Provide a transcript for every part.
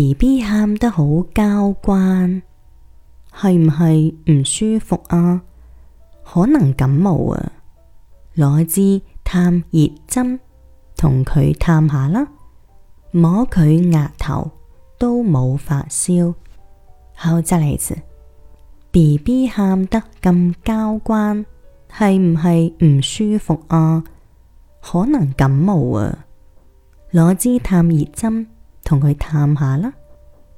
B B 喊得好交關，係唔係唔舒服啊？可能感冒啊，攞支探熱針同佢探下啦。摸佢額頭都冇發燒，好，再嚟一次 B B 喊得咁交關，係唔係唔舒服啊？可能感冒啊，攞支探熱針同佢探下啦。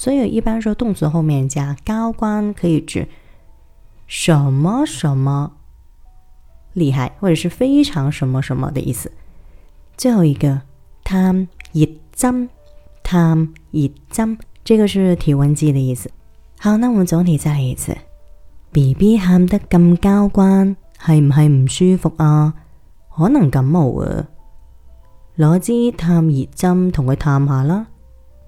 所以一般說動詞後面加交關，可以指什麼什麼厲害，或者是非常什麼什麼的意思。最後一個，探熱針，探熱針，這個是體溫計的意思。好，那我總體再來一次 BB 喊得咁交關，係唔係唔舒服啊？可能感冒啊？攞支探熱針同佢探下啦。